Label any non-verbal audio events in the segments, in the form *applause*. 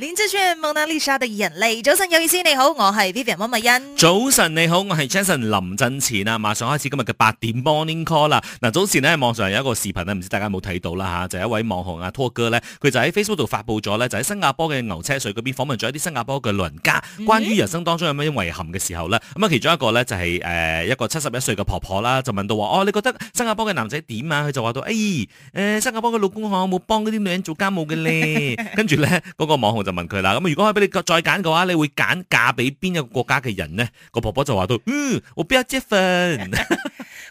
林早晨有意思你好，我係 Vivian 麥欣。早晨你好，我係 Jason 林振前啊！馬上開始今日嘅八點 morning call 啦。嗱，早前呢，網上有一個視頻咧，唔知大家有冇睇到啦吓、啊，就係、是、一位網紅阿、啊、拖哥呢，佢就喺 Facebook 度發布咗呢，就喺新加坡嘅牛車水嗰邊訪問咗一啲新加坡嘅老人家，關於人生當中有咩遺憾嘅時候呢。咁啊、嗯、其中一個呢，就係、是、誒、呃、一個七十一歲嘅婆婆啦，就問到話哦你覺得新加坡嘅男仔點啊？佢就話到誒誒新加坡嘅老公可有冇幫嗰啲女人做家務嘅咧？ *laughs* 跟住呢。嗰個網紅就。就問佢啦，咁如果可以俾你再揀嘅話，你會揀嫁俾邊一個國家嘅人呢？個婆婆就話到，嗯，我邊一 j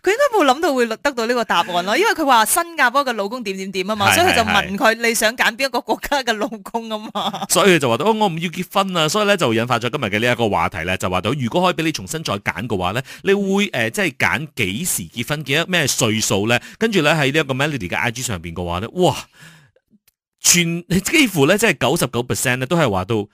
佢應該冇諗到會得到呢個答案咯，因為佢話新加坡嘅老公點點點啊嘛係係係所，所以佢就問佢你想揀邊一個國家嘅老公啊嘛，所以就話到我唔要結婚啊，所以咧就引發咗今日嘅呢一個話題咧，就話到如果可以俾你重新再揀嘅話咧，你會、呃、即係揀幾時結婚，幾咩歲數咧？跟住咧喺呢一個 Melody 嘅 IG 上邊嘅話咧，哇！全幾乎咧，即係九十九 percent 咧，都係話到唔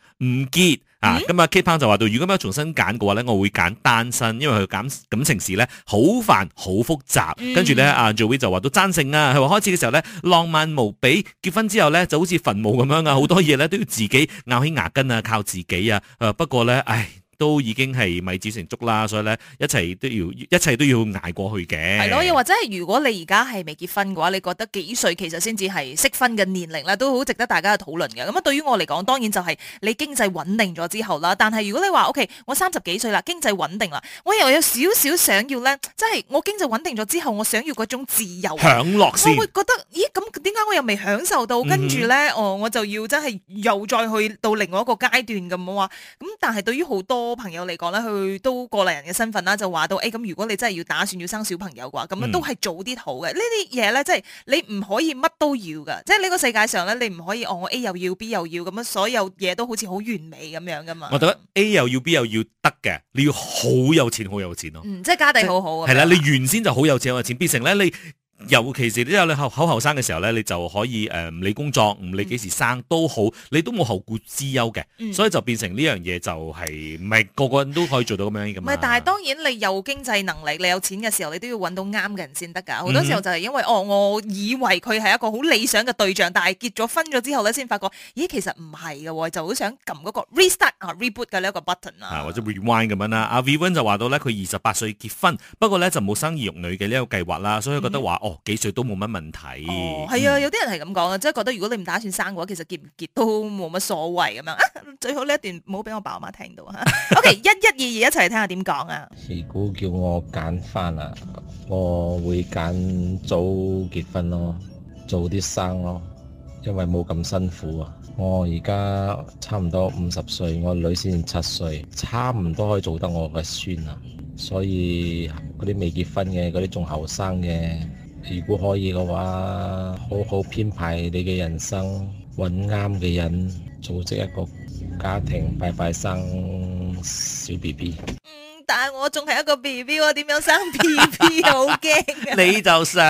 結、嗯、啊！咁啊，K Pong 就話到，如果我重新揀嘅話咧，我會揀單身，因為佢揀感情事咧好煩好複雜。嗯、跟住咧，阿 Joey 就話到，贊成啊，佢話開始嘅時候咧浪漫無比，結婚之後咧就好似墳墓咁樣啊，好、嗯、多嘢咧都要自己咬起牙根啊，靠自己啊！誒、啊，不過咧，唉。都已經係咪子成竹啦，所以咧一切都要，一切都要捱過去嘅。係咯，又或者係如果你而家係未結婚嘅話，你覺得幾歲其實先至係適婚嘅年齡咧？都好值得大家去討論嘅。咁啊，對於我嚟講，當然就係你經濟穩定咗之後啦。但係如果你話 OK，我三十幾歲啦，經濟穩定啦，我又有少少想要咧，即係我經濟穩定咗之後，我想要嗰種自由享樂。我會覺得，咦，咁點解我又未享受到？跟住咧，嗯、哦，我就要真係又再去到另外一個階段咁話。咁但係對於好多，多朋友嚟講咧，佢都過嚟人嘅身份啦，就話到誒，咁如果你真係要打算要生小朋友嘅話，咁樣都係早啲好嘅。呢啲嘢咧，即係你唔可以乜都要嘅，即係呢個世界上咧，你唔可以哦，我 A 又要 B 又要咁樣，所有嘢都好似好完美咁樣噶嘛。我覺得 A 又要 B 又要得嘅，你要好有錢，好有錢咯。嗯，即係家底好好。係啦，你原先就好有錢啊，有錢變成咧你。尤其是你有你口後生嘅時候咧，你就可以誒唔、嗯、理工作唔理幾時生都好，你都冇後顧之憂嘅，嗯、所以就變成呢樣嘢就係唔係個個人都可以做到咁樣嘅。唔係，但係當然你有經濟能力，你有錢嘅時候，你都要揾到啱嘅人先得噶。好多時候就係因為、嗯、哦，我以為佢係一個好理想嘅對象，但係結咗婚咗之後咧，先發覺，咦，其實唔係噶，就好想撳嗰個 restart 啊，reboot 嘅呢一個 button 啊，或者 rewind 咁樣啦。阿、啊、Vivian 就話到咧，佢二十八歲結婚，不過咧就冇生兒育女嘅呢個計劃啦，所以覺得話。嗯哦，幾歲都冇乜問題。係係、哦、啊，嗯、有啲人係咁講啊，即係覺得如果你唔打算生嘅話，其實結唔結都冇乜所謂咁樣。最好呢一段唔好俾我爸媽聽到 *laughs* O、okay, K，一一二二一齊嚟聽下點講啊。如果叫我揀翻啊，我會揀早結婚咯，早啲生咯，因為冇咁辛苦啊。我而家差唔多五十歲，我女先七歲，差唔多可以做得我嘅孫啊。所以嗰啲未結婚嘅，嗰啲仲後生嘅。如果可以嘅話，好好編排你嘅人生，揾啱嘅人，組織一個家庭，快快生小 bb。仲係一個 BB 喎，點樣生 BB 啊？好驚！你就想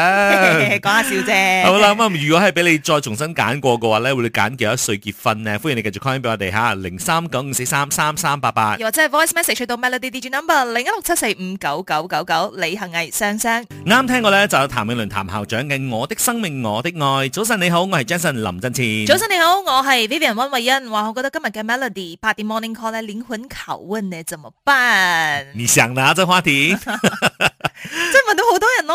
講下笑啫。好啦，咁如果係俾你再重新揀過嘅話咧，會你揀幾多歲結婚咧？歡迎你繼續 call 翻俾我哋嚇，零三九五四三三三八八，又或者 voice message 去到 Melody DJ number 零一六七四五九九九九，李杏毅聲聲。啱聽過咧，就係譚詠麟譚校長嘅《我的生命我的愛》。早晨你好，我係 Jason 林振軒。早晨你好，我係 Vivian 温慧欣。話我覺得今日嘅 Melody 八點 Morning Call 咧，靈魂拷問咧，怎麼辦？你想？拿着話題，哈哈哈。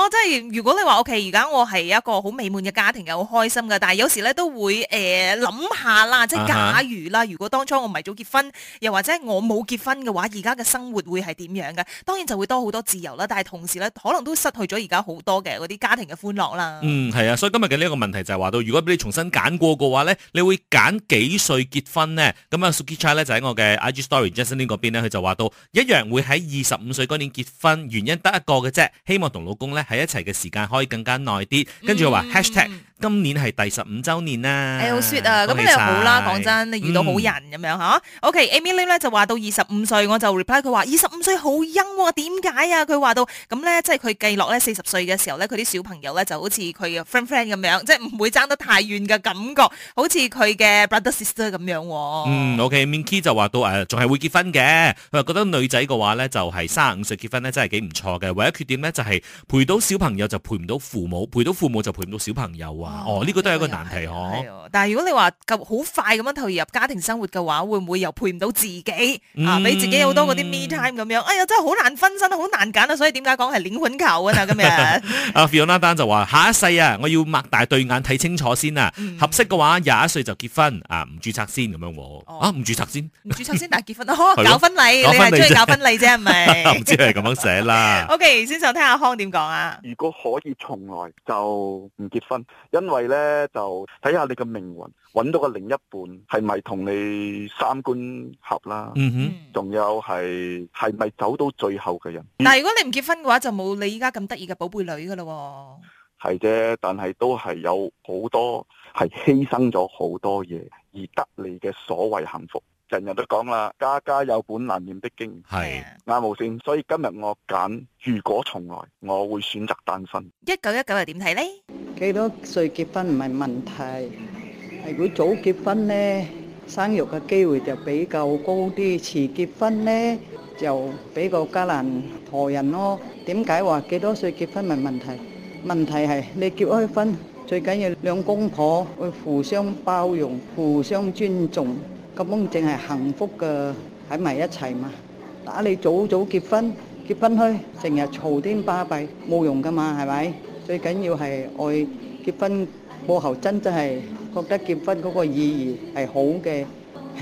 即係如果你話 OK，而家我係一個好美滿嘅家庭，又好開心嘅。但係有時咧都會誒諗、呃、下啦，即係假如啦，如果當初我唔係早結婚，又或者我冇結婚嘅話，而家嘅生活會係點樣嘅？當然就會多好多自由啦。但係同時咧，可能都失去咗而家好多嘅嗰啲家庭嘅歡樂啦。嗯，係啊，所以今日嘅呢一個問題就係話到，如果俾你重新揀過嘅話咧，你會揀幾歲結婚呢？咁啊，Suki Chai 咧就喺我嘅 IG Story Justinian 嗰邊咧，佢就話到一樣會喺二十五歲嗰年結婚，原因得一個嘅啫，希望同老公咧。喺一齊嘅時間可以更加耐啲，跟住話 hashtag 今年係第十五週年啦，好、哎、sweet 啊！咁喜你又好啦、啊，講真，你遇到好人咁樣吓、嗯、OK，Amy Lim 咧就話到二十五歲，我就 reply 佢話二十五歲好恩點解啊？佢話到咁咧，即係佢記落咧四十歲嘅時候咧，佢啲小朋友咧就好似佢嘅 friend friend 咁樣，即係唔會爭得太遠嘅感覺，好似佢嘅 brother sister 咁樣。嗯，OK，Min、okay, Ki 就話到仲係、呃、會結婚嘅。佢話覺得女仔嘅話咧就係三十五歲結婚咧真係幾唔錯嘅，唯一缺點咧就係、是、陪到。小朋友就陪唔到父母，陪到父母就陪唔到小朋友啊！哦，呢個都係一個難題嗬。但係如果你話咁好快咁樣投入家庭生活嘅話，會唔會又陪唔到自己啊？俾自己好多嗰啲 me time 咁樣。哎呀，真係好難分身，好難揀啊！所以點解講係靈魂球啊？今日阿 Fiona 丹就話下一世啊，我要擘大對眼睇清楚先啦。合適嘅話，廿一歲就結婚啊，唔注冊先咁樣。啊，唔注冊先，唔注冊先但係結婚啊，搞婚禮，你係中意搞婚禮啫係咪？唔知係咁樣寫啦。OK，先生聽下阿康點講啊？如果可以重來就唔結婚，因為呢，就睇下你嘅命運，揾到個另一半係咪同你三觀合啦？嗯哼，仲有係係咪走到最後嘅人？但係如果你唔結婚嘅話，就冇你依家咁得意嘅寶貝女噶啦。係啫，但係都係有好多係犧牲咗好多嘢，而得你嘅所謂幸福。人人都講啦，家家有本難念的經，係啱無線。所以今日我揀，如果從來我會選擇單身。一九一九又點睇咧？幾多歲結婚唔係問題，如果早結婚咧，生育嘅機會就比較高啲；遲結婚咧，就比較加難陀人咯。點解話幾多歲結婚唔係問題？問題係你結開婚最緊要兩公婆會互相包容、互相尊重。咁樣淨係幸福嘅喺埋一齊嘛？打你早早結婚，結婚去，成日嘈天巴閉，冇用噶嘛，係咪？最緊要係愛結婚過後真真係覺得結婚嗰個意義係好嘅，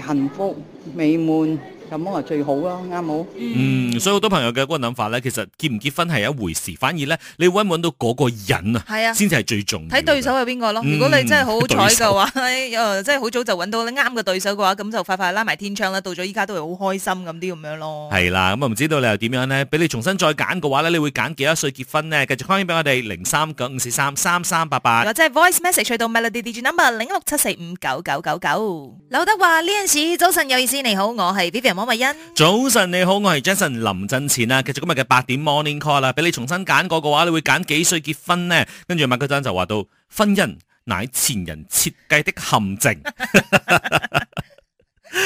幸福美滿。咁啊最好咯，啱好，嗯，所以好多朋友嘅嗰個諗法咧，其實結唔結婚係一回事，反而咧你揾唔揾到嗰個人啊，先至係最重要。睇對手係邊個咯？如果你真係好彩嘅話，誒，真係好早就揾到你啱嘅對手嘅話，咁就快快拉埋天窗啦！到咗依家都係好開心咁啲咁樣咯。係啦，咁啊唔知道你又點樣咧？俾你重新再揀嘅話咧，你會揀幾多歲結婚咧？繼續翻翻俾我哋零三九五四三三三八八，或者 voice message 去到 Melody d g number 零六七四五九九九九。劉德華呢陣時早晨有意思，你好，我係 Vivian。黃慧早晨你好，我係 Jason。臨陣前啦，繼續今日嘅八點 Morning Call 啦，俾你重新揀過嘅話，你會揀幾歲結婚呢？跟住麥居真就話到， *laughs* 婚姻乃前人設計的陷阱。 *laughs* *laughs*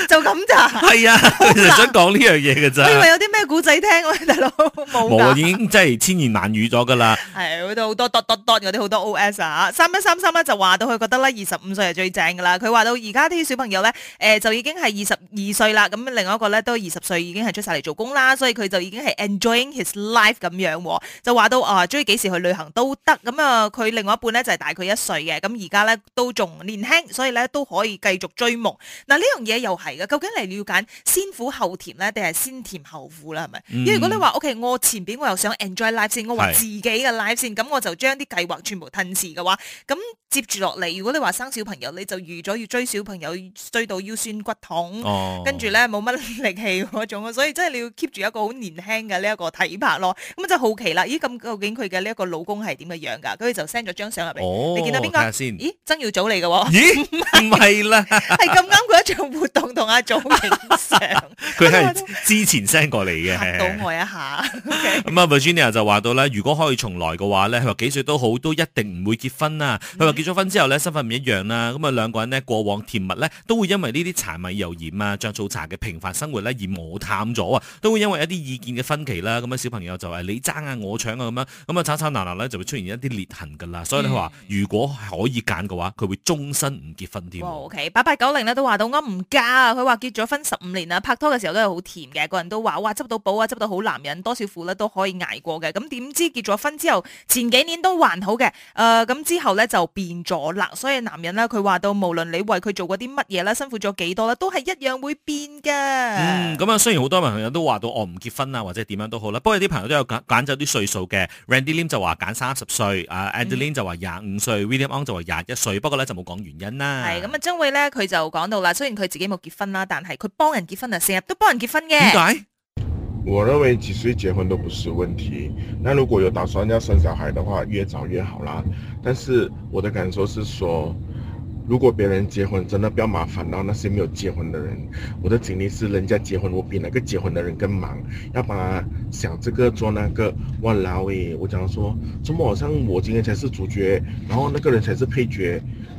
就咁咋？係啊，了想講呢樣嘢嘅咋？以為有啲咩古仔聽，大佬？冇。我已經真係千言難語咗噶啦。係， *laughs* 佢都好多多多多，d 啲好多 OS 啊。三一三三一就話到佢覺得咧，二十五歲係最正噶啦。佢話到而家啲小朋友咧，誒、呃，就已經係二十二歲啦。咁另外一個咧都二十歲，已經係出晒嚟做工，啦，所以佢就已經係 enjoying his life 咁樣。就話到啊，中意幾時去旅行都得。咁啊，佢、呃、另外一半咧就係、是、大佢一歲嘅。咁而家咧都仲年輕，所以咧都可以繼續追夢。嗱，呢樣嘢又。係嘅，究竟你了解先苦後甜咧，定係先甜後苦啦？係咪？因為、嗯、如果你話 O K，我前邊我又想 enjoy life 先，我話自己嘅 life 先，咁是我就將啲計劃全部褪遲嘅話，咁接住落嚟，如果你話生小朋友，你就預咗要追小朋友追到腰酸骨痛，哦、跟住咧冇乜力氣嗰種，所以真係你要 keep 住一個好年輕嘅呢一個體魄咯。咁就好奇啦，咦，咁究竟佢嘅呢一個老公係點嘅樣噶？佢就 send 咗張相入嚟，哦、你見到邊個？睇下先，咦？曾耀祖嚟嘅？咦？唔係 *laughs* 是啦，係咁啱佢一場活動。 *laughs* 同 *laughs* 阿祖影相，佢係之前 send 過嚟嘅。嚇到我一下。咁啊，Virginia 就話到咧，如果可以重來嘅話咧，佢話幾歲都好，都一定唔會結婚啦。佢話結咗婚之後咧，身份唔一樣啦。咁啊，兩個人呢，過往甜蜜咧，都會因為呢啲柴米油鹽啊、醬醋茶嘅平凡生活咧而磨淡咗啊，都會因為一啲意見嘅分歧啦，咁啊小朋友就誒你爭啊我搶啊咁樣，咁啊吵吵鬧鬧咧就會出現一啲裂痕噶啦。所以佢話，如果可以揀嘅話，佢會終身唔結婚添。O K，八八九零咧都話到，我唔嫁。啊！佢話結咗婚十五年啦，拍拖嘅時候都係好甜嘅，個人都話哇，執到寶啊，執到好男人，多少苦咧都可以挨過嘅。咁點知結咗婚之後，前幾年都還好嘅，誒、呃，咁之後咧就變咗啦。所以男人咧，佢話到無論你為佢做過啲乜嘢啦，辛苦咗幾多啦，都係一樣會變嘅、嗯。嗯，咁啊，雖然好多朋友都話到我唔結婚啊，或者點樣都好啦，不過啲朋友都有揀揀走啲歲數嘅。Randy Lim 就話揀三十歲，嗯、啊，Adeline 就話廿五歲，William、o、Ng 就話廿一歲，不過呢，就冇講原因啦。係，咁、嗯、啊，張偉咧佢就講到啦，雖然佢自己冇結婚啦，但係佢幫人結婚啊，成日都幫人結婚嘅。該我認為幾歲結婚都不是問題。那如果有打算要生小孩的話，越早越好啦。但是我的感受是說，如果別人結婚，真的不要麻煩到那些沒有結婚的人。我的經歷是，人家結婚，我比那個結婚的人更忙，要把想這個做那個。哇老誒，我想說，怎麼好像我今天才是主角，然後那個人才是配角？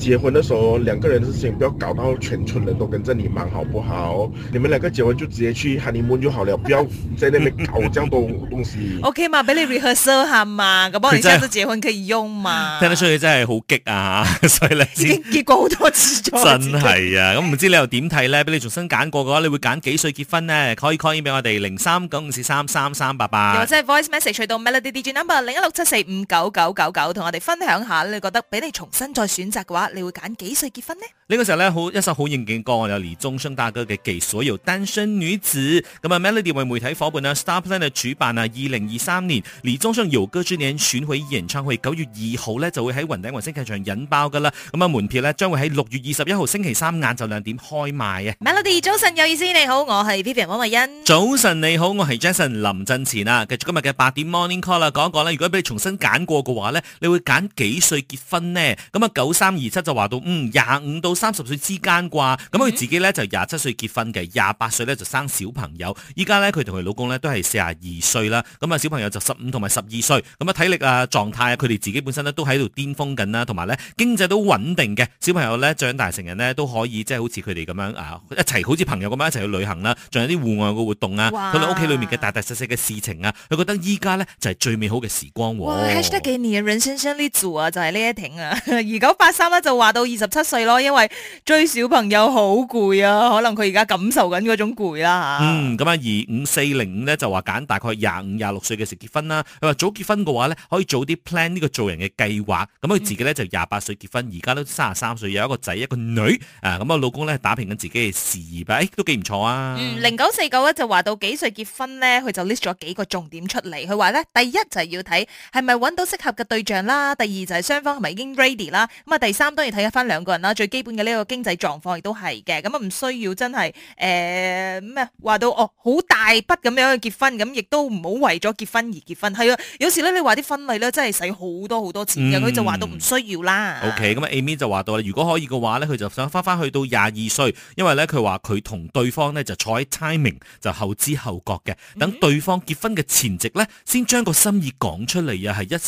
結婚的時候，兩個人的事情，不要搞到全村人都跟着你忙，好不好？你們兩個結婚，就直接去 Honeymoon 就好了，不要在那裏搞咁多東西。 *laughs* Okay 嘛，俾你 rehearsal 下嘛，咁幫你下次結婚可以用嘛。聽得出你真係好激啊，所以咧已經結過好多次咗。 *laughs* 真係啊，咁唔知你又點睇咧？俾你重新揀過嘅話，你會揀幾歲結婚呢？call call 俾我哋零三九五四三三三八八，又或者是 voice message 到 melody digi number 零一六七四五九九九九，同我哋分享下你覺得俾你重新再選擇嘅話。你會揀幾歲結婚呢？呢個時候咧，好一首好應景歌，我有李宗盛大哥嘅《給所有單身女子》。咁啊，Melody 為媒體伙伴，呢，Star Planet 嘅主辦啊，二零二三年李宗盛姚哥專演選會演唱會九月二號咧就會喺雲頂雲星劇場引爆噶啦。咁啊，門票咧將會喺六月二十一號星期三晏晝兩點開賣啊。Melody 早晨有意思，你好，我係 Pepi 黃慧欣。早晨你好，我係 Jason 林振前啊。繼續今日嘅八點 Morning Call 啦，講一講咧，如果俾你重新揀過嘅話咧，你會揀幾歲結婚呢？咁啊，九三二七。就話到嗯廿五到三十歲之間啩，咁佢自己咧就廿七歲結婚嘅，廿八歲咧就生小朋友。依家咧佢同佢老公咧都係四十二歲啦，咁啊小朋友就十五同埋十二歲。咁啊體力啊狀態啊，佢哋自己本身咧都喺度巔峰緊啦，同埋咧經濟都穩定嘅。小朋友咧長大成人咧都可以即係、就是、好似佢哋咁樣啊一齊好似朋友咁樣一齊去旅行啦、啊，仲有啲戶外嘅活動啊，佢哋屋企裡面嘅大大細細嘅事情啊，佢覺得依家咧就係、是、最美好嘅時光、啊。喎。幾年生生啊，先生呢組啊就係、是、呢一挺啊， *laughs* 二九八三啦話到二十七歲咯，因為追小朋友好攰啊，可能佢而家感受緊嗰種攰啦吓。嗯，咁啊，二五四零五咧就話揀大概廿五廿六歲嘅時結婚啦。佢話早結婚嘅話咧，可以早啲 plan 呢個做人嘅計劃。咁佢自己咧、嗯、就廿八歲結婚，而家都三十三歲，有一個仔一個女啊。咁啊，老公咧打拼緊自己嘅事業，誒都幾唔錯啊。嗯，零九四九咧就話到幾歲結婚咧，佢就 list 咗幾個重點出嚟。佢話咧，第一就係要睇係咪揾到適合嘅對象啦，第二就係雙方係咪已經 ready 啦。咁啊，第三。咁當然睇一翻兩個人啦，最基本嘅呢個經濟狀況亦都係嘅。咁啊，唔需要真係誒咩話到哦，好大筆咁樣去結婚，咁亦都唔好為咗結婚而結婚。係啊，有時咧你話啲婚禮咧真係使好多好多錢嘅，佢、嗯、就話到唔需要啦。OK，咁 Amy 就話到啦，如果可以嘅話咧，佢就想翻翻去到廿二歲，因為咧佢話佢同對方咧就坐喺 timing 就後知後覺嘅，等對方結婚嘅前夕咧先將個心意講出嚟啊，係一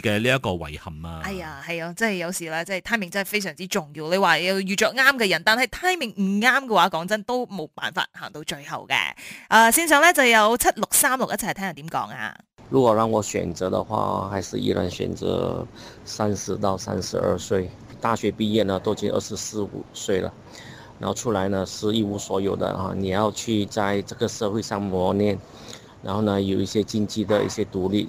世嘅呢一個遺憾啊。係啊、哎，係啊，真係有時啦真係 timing。真係非常之重要，你話要遇着啱嘅人，但係 timing 唔啱嘅話，講真都冇辦法行到最後嘅。誒、呃，線上咧就有七六三六一齊聽下點講啊。如果讓我選擇嘅話，還是依然選擇三十到三十二歲。大學畢業呢，都已經二十四五歲啦，然後出來呢是一無所有的哈，你要去在這個社會上磨練，然後呢有一些經濟的一些獨立。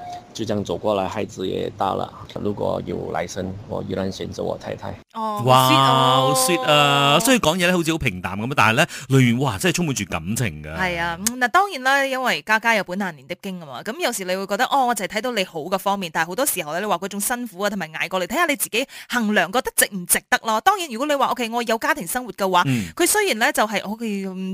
就咁走過來，孩子也大了。如果有來生，我依然選擇我太太。哦，哇，好 sweet 啊！雖然講嘢好似好平淡咁，但係呢類完哇真係充滿住感情嘅。係啊，嗱當然啦，因為家家有本難唸的經啊嘛。咁有時你會覺得，哦，我就係睇到你好嘅方面，但係好多時候咧，你話嗰種辛苦啊，同埋捱過嚟，睇下你自己衡量覺得值唔值得咯。當然如果你話 OK，我有家庭生活嘅話，佢、嗯、雖然呢就係、是、OK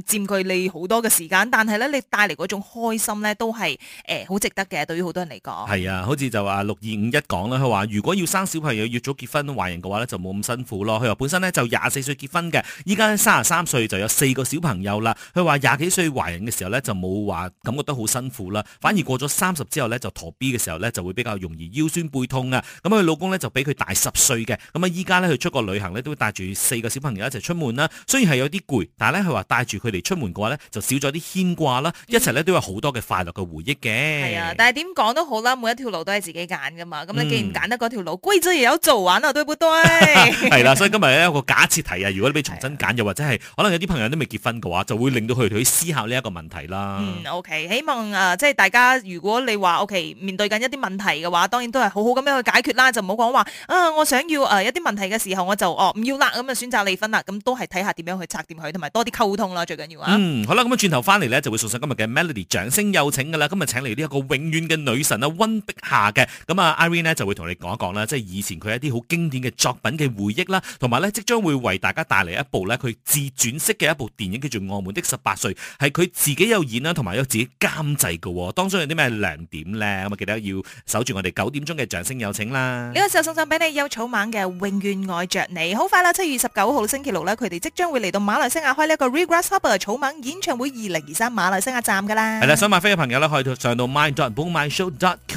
佔據你好多嘅時間，但係呢，你帶嚟嗰種開心呢，都係誒好值得嘅，對於好多人嚟講。係啊，好似就話六二五一講啦。佢話如果要生小朋友、要早結婚懷孕嘅話咧，就冇咁辛苦咯。佢話本身咧就廿四歲結婚嘅，依家三十三歲就有四個小朋友啦。佢話廿幾歲懷孕嘅時候咧就冇話感覺得好辛苦啦，反而過咗三十之後咧就陀 B 嘅時候咧就會比較容易腰酸背痛啊。咁佢老公咧就比佢大十歲嘅，咁啊依家咧佢出國旅行咧都會帶住四個小朋友一齊出門啦。雖然係有啲攰，但係咧佢話帶住佢哋出門嘅話咧就少咗啲牽掛啦，一齊咧都有好多嘅快樂嘅回憶嘅。係啊，但係點講都好啦。每一條路都係自己揀噶嘛，咁你既然揀得嗰條路，規則又有做玩啊，對不對？係啦， *laughs* 所以今日有個假設題啊，如果你俾重新揀，又或者係可能有啲朋友都未結婚嘅話，就會令到佢哋去思考呢一個問題啦。嗯，OK，希望誒、呃，即係大家如果你話 OK，面對緊一啲問題嘅話，當然都係好好咁樣去解決啦，就唔好講話啊，我想要誒、呃，有啲問題嘅時候我就哦唔要啦，咁、嗯、啊選擇離婚啦，咁都係睇下點樣去拆掂佢，同埋多啲溝通咯，最緊要啊、嗯。好啦，咁啊轉頭翻嚟咧，會就會送上今日嘅 Melody 掌聲有請噶啦，今日請嚟呢一個永遠嘅女神啊碧霞嘅咁啊，Irene 咧，就會同你講一講啦，即係以前佢一啲好經典嘅作品嘅回憶啦，同埋呢即將會為大家帶嚟一部呢佢自傳式嘅一部電影，叫做《我們的十八歲》，係佢自己有演啦，同埋有自己監製嘅。當中有啲咩亮點呢？咁啊，記得要守住我哋九點鐘嘅掌聲有請啦！呢個時候送上俾你有草蜢嘅《永遠愛着你》。好快啦，七月十九號星期六呢，佢哋即將會嚟到馬來西亞開呢一個 Regrasshopper 草蜢演唱會二零二三馬來西亞站噶啦。係啦，想買飛嘅朋友呢，可以上到 my.bookmyshow.com。